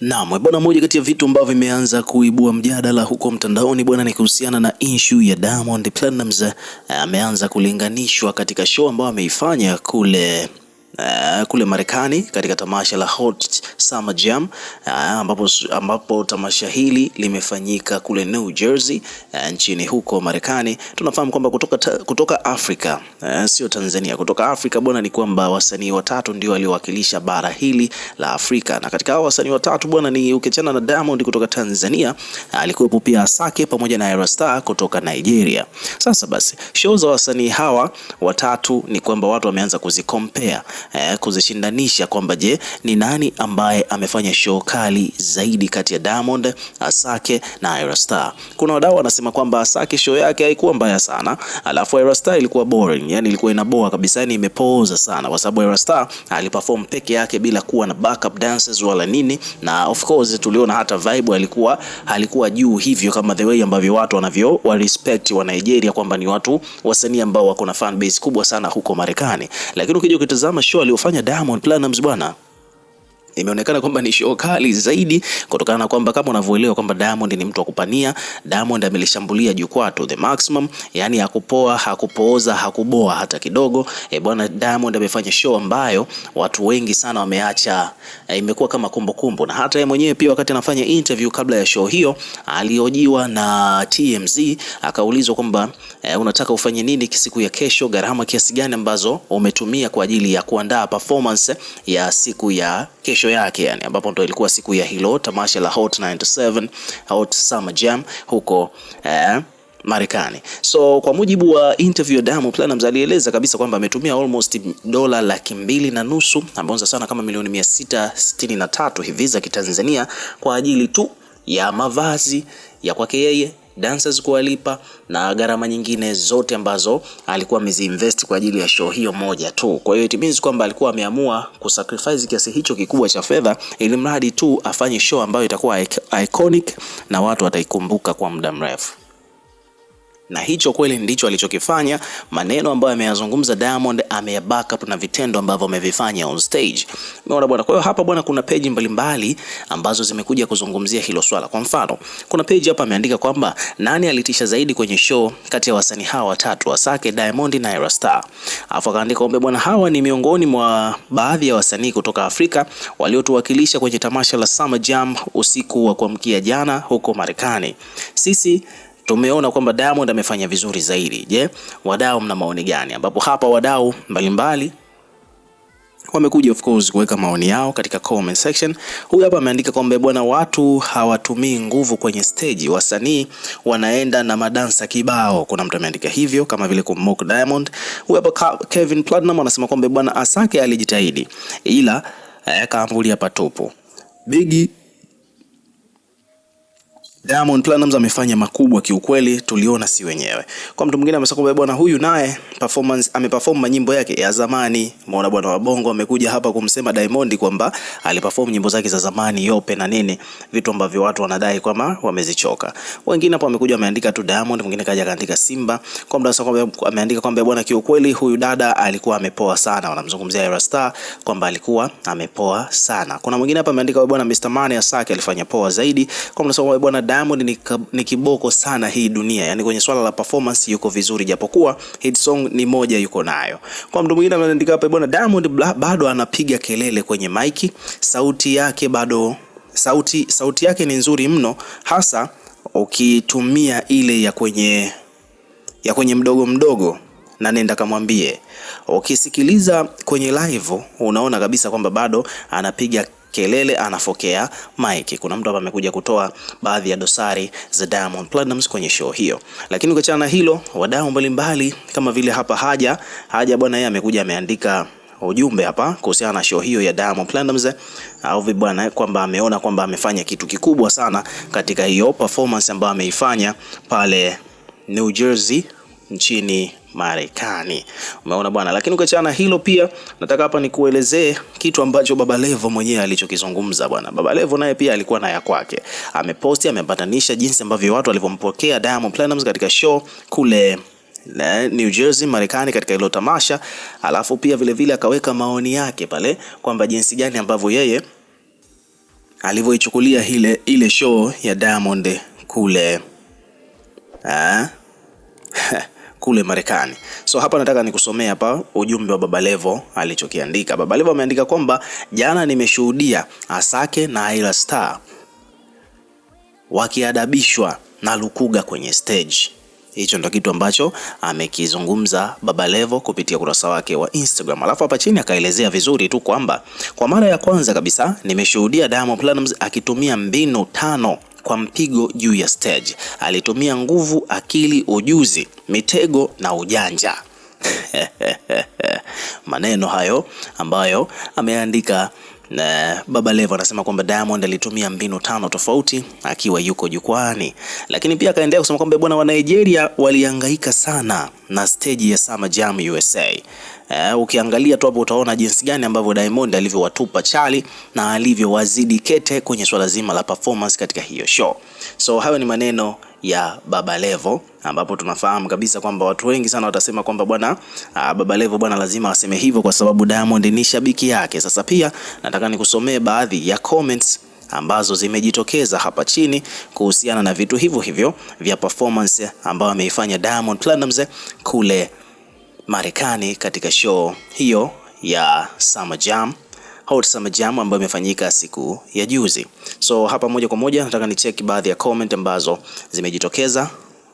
Naam, e bwana, moja kati ya vitu ambavyo vimeanza kuibua mjadala huko mtandaoni bwana, ni kuhusiana na issue ya Diamond Platnumz e, ameanza kulinganishwa katika show ambayo ameifanya kule Eh, kule Marekani katika tamasha la Hot Summer Jam uh, ambapo, ambapo tamasha hili limefanyika kule New Jersey uh, nchini huko Marekani. Tunafahamu kwamba kutoka, ta, kutoka Afrika uh, sio Tanzania, kutoka Afrika bwana, ni kwamba wasanii watatu ndio waliowakilisha bara hili la Afrika, na katika hao wasanii watatu bwana, ni ukiachana na Diamond kutoka Tanzania alikuwepo pia Asake pamoja na Aerostar kutoka Nigeria. Sasa basi show za wasanii hawa watatu ni kwamba watu wameanza kuzicompare eh, kuzishindanisha kwamba je, ni nani ambaye amefanya show kali zaidi kati ya Diamond, Asake na Ira Star. Kuna wadau wanasema kwamba Asake show yake haikuwa mbaya sana, alafu Ira Star ilikuwa boring, yani ilikuwa inaboa kabisa, yani imepooza sana, kwa sababu Ira Star aliperform peke yake bila kuwa na backup dancers wala nini, na of course tuliona hata vibe alikuwa alikuwa juu hivyo, kama the way ambavyo watu wanavyo wa respect wa Nigeria kwamba ni watu wasanii ambao wako na fan base kubwa sana huko Marekani, lakini ukija ukitazama aliofanya Diamond Platnumz bwana imeonekana kwamba ni show kali zaidi, kutokana na kwamba kama unavyoelewa kwamba Diamond ni mtu wa kupania. Diamond amelishambulia jukwaa to the maximum, yani hakupoa, hakupooza, hakuboa hata kidogo. E bwana, Diamond amefanya show ambayo watu wengi sana wameacha, e, imekuwa kama kumbukumbu, kumbu. na hata yeye mwenyewe pia wakati anafanya interview kabla ya show hiyo aliojiwa na TMZ akaulizwa kwamba e, unataka ufanye nini siku ya kesho, gharama kiasi gani ambazo umetumia kwa ajili ya kuandaa performance ya siku ya kesho kesho yake yani, ambapo ndo ilikuwa siku ya hilo tamasha la Hot 97 Hot Summer Jam huko eh, Marekani. So kwa mujibu wa interview ya Diamond Platnumz alieleza kabisa kwamba ametumia almost dola laki mbili na nusu ambazo sana kama milioni mia 663 hivi za Kitanzania kwa ajili tu ya mavazi ya kwake yeye dancers kuwalipa na gharama nyingine zote ambazo alikuwa ameziinvest kwa ajili ya show hiyo moja tu. Kwa hiyo it means kwamba alikuwa ameamua kusacrifice kiasi hicho kikubwa cha fedha ili mradi tu afanye show ambayo itakuwa iconic na watu wataikumbuka kwa muda mrefu na hicho kweli ndicho alichokifanya. Maneno ambayo ameyazungumza Diamond ameyaback up na vitendo ambavyo amevifanya on stage, umeona bwana. Kwa hiyo hapa bwana, kuna page mbalimbali ambazo zimekuja kuzungumzia hilo swala. Kwa mfano, kuna page hapa ameandika kwamba nani alitisha zaidi kwenye show kati ya wasanii hawa watatu, Asake, Diamond na Era Star. Alafu akaandika kwamba bwana, hawa ni miongoni mwa baadhi ya wasanii kutoka Afrika waliotuwakilisha kwenye tamasha la Summer Jam usiku wa kuamkia jana huko Marekani. Sisi tumeona kwamba Diamond amefanya vizuri zaidi. Je, wadau mna maoni gani? Ambapo hapa wadau mbalimbali wamekuja of course kuweka maoni yao katika comment section. Huyu hapa ameandika kwamba bwana, watu hawatumii nguvu kwenye stage, wasanii wanaenda na madansa kibao. Kuna mtu ameandika hivyo kama vile kummock Diamond. Huyu hapa Kevin Platinum anasema kwamba bwana, Asake alijitahidi ila akaambulia eh, patupu. Bigi Diamond Platinumz amefanya makubwa kiukweli, tuliona si wenyewe. Kwa mtu mwingine amesema kwamba bwana huyu naye performance ameperform nyimbo yake ya zamani. Muona bwana wa Bongo amekuja hapa kumsema Diamond kwamba aliperform nyimbo zake za zamani yope na nini, vitu ambavyo watu wanadai kwamba wamezichoka. Wengine hapo wamekuja wameandika tu Diamond, mwingine kaja kaandika Simba. Kwa mtu anasema kwamba ameandika kwamba bwana, kiukweli huyu dada alikuwa amepoa sana, wanamzungumzia Era Star kwamba alikuwa amepoa sana. Kuna mwingine hapa ameandika bwana, Mr Money Asake alifanya poa zaidi. Kwa mtu anasema bwana Diamond ni, ni kiboko sana hii dunia, yani kwenye swala la performance yuko vizuri, japokuwa hit song ni moja yuko nayo. Kwa mtu mwingine ameandika hapa bwana, Diamond bado anapiga kelele kwenye maiki, sauti yake bado sauti, sauti yake ni nzuri mno, hasa ukitumia ile ya kwenye ya kwenye mdogo mdogo na nenda kamwambie. Ukisikiliza kwenye live unaona kabisa kwamba bado anapiga kelele anafokea Mike. Kuna mtu hapa amekuja kutoa baadhi ya dosari za Diamond Platnumz kwenye show hiyo, lakini ukiachana na hilo, wadau mbalimbali kama vile hapa Haja Haja bwana, yeye amekuja ameandika ujumbe hapa kuhusiana na show hiyo ya Diamond Platnumz au bwana, kwamba ameona kwamba amefanya kitu kikubwa sana katika hiyo performance ambayo ameifanya pale New Jersey nchini Marekani. Umeona bwana, lakini ukiachana hilo pia nataka hapa nikuelezee kitu ambacho Baba Levo mwenyewe alichokizungumza bwana. Baba Levo naye pia alikuwa na ya kwake, ameposti amepatanisha jinsi ambavyo watu walivyompokea Diamond Platnumz katika show kule eh, New Jersey Marekani, katika hilo tamasha, alafu pia vile vile akaweka maoni yake pale kwamba jinsi gani ambavyo yeye alivyoichukulia ile, ile show ya Diamond kule eh? kule Marekani. So hapa nataka nikusomea hapa ujumbe wa Baba Levo alichokiandika. Baba Levo ameandika kwamba jana nimeshuhudia Asake na Ayra Starr wakiadabishwa na Lukuga kwenye stage. Hicho ndo kitu ambacho amekizungumza Baba Levo kupitia kurasa wake wa Instagram. Alafu hapa chini akaelezea vizuri tu kwamba kwa mara ya kwanza kabisa nimeshuhudia Diamond Platnumz akitumia mbinu tano kwa mpigo juu ya stage. Alitumia nguvu, akili, ujuzi, mitego na ujanja. Maneno hayo ambayo ameandika na Baba Levo anasema kwamba Diamond alitumia mbinu tano tofauti akiwa yuko jukwani, lakini pia akaendelea kusema kwamba bwana wa Nigeria walihangaika sana na stage ya Summer Jam USA. Uh, e, ukiangalia tu hapo utaona jinsi gani ambavyo Diamond alivyowatupa chali na alivyowazidi kete kwenye swala zima la performance katika hiyo show. So hayo ni maneno ya Baba Levo, ambapo tunafahamu kabisa kwamba watu wengi sana watasema kwamba bwana ah, Baba Levo bwana, lazima waseme hivyo kwa sababu Diamond ni shabiki yake. Sasa pia nataka nikusomee baadhi ya comments ambazo zimejitokeza hapa chini kuhusiana na vitu hivyo hivyo vya performance ambayo ameifanya Diamond Platnumz kule Marekani katika show hiyo ya Summer Jam, Hot Summer Jam ambayo imefanyika siku ya juzi. So hapa moja kwa moja nataka ni check baadhi ya comment ambazo zimejitokeza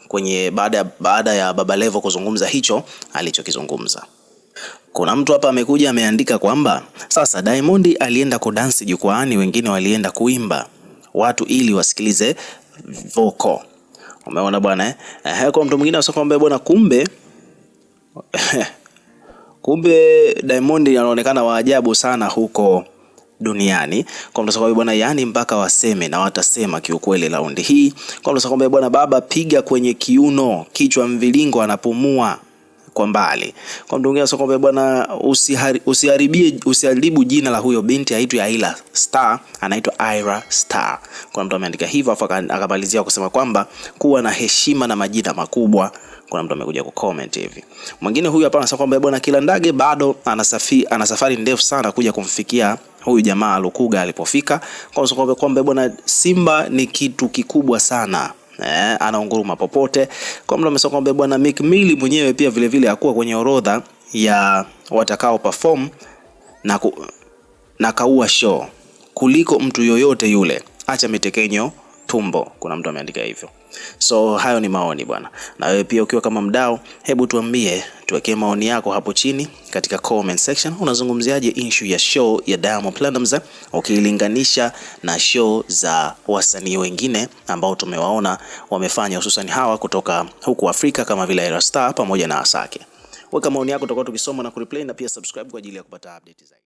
kwenye baada, baada ya Baba Levo kuzungumza hicho alichokizungumza. Kuna mtu hapa amekuja ameandika kwamba sasa Diamond alienda kudansi jukwaani, wengine walienda kuimba watu ili wasikilize voko. Umeona bwana eh? kwa mtu mwingine asakwambia bwana, kumbe kumbe Diamond anaonekana wa ajabu sana huko duniani kwa mtu sababu bwana, yani mpaka waseme na watasema kiukweli raundi hii kwa mtu sababu bwana, baba piga kwenye kiuno, kichwa mvilingo, anapumua kwa mbali. Kwa mtu mwingine kwamba bwana, usiharibie usiharibu jina la huyo binti, aitwe Aila Star, anaitwa Aira Star. Kuna mtu ameandika hivyo, afu akamalizia kusema kwamba kuwa na heshima na majina makubwa. Kuna mtu amekuja kucomment hivi. Mwingine huyu hapa anasema kwamba bwana, kila ndage bado ana safari ndefu sana kuja kumfikia huyu jamaa Lukuga alipofika, kwamba bwana Simba ni kitu kikubwa sana eh, anaunguruma popote. Kwa mtu amesema kwamba bwana Mick Mill mwenyewe pia vile vile hakuwa kwenye orodha ya watakao perform na, ku, na kaua show kuliko mtu yoyote yule, acha mitekenyo tumbo. Kuna mtu ameandika hivyo. So hayo ni maoni bwana, na wewe pia ukiwa kama mdau, hebu tuambie, tuwekee maoni yako hapo chini katika comment section. Unazungumziaje issue ya show ya Diamond Platnumz ukilinganisha na show za wasanii wengine ambao tumewaona wamefanya, hususan hawa kutoka huku Afrika kama vile Ayra Star pamoja na Asake? Weka maoni yako, tutakuwa tukisoma na kureply, na pia subscribe kwa ajili ya kupata update zaidi.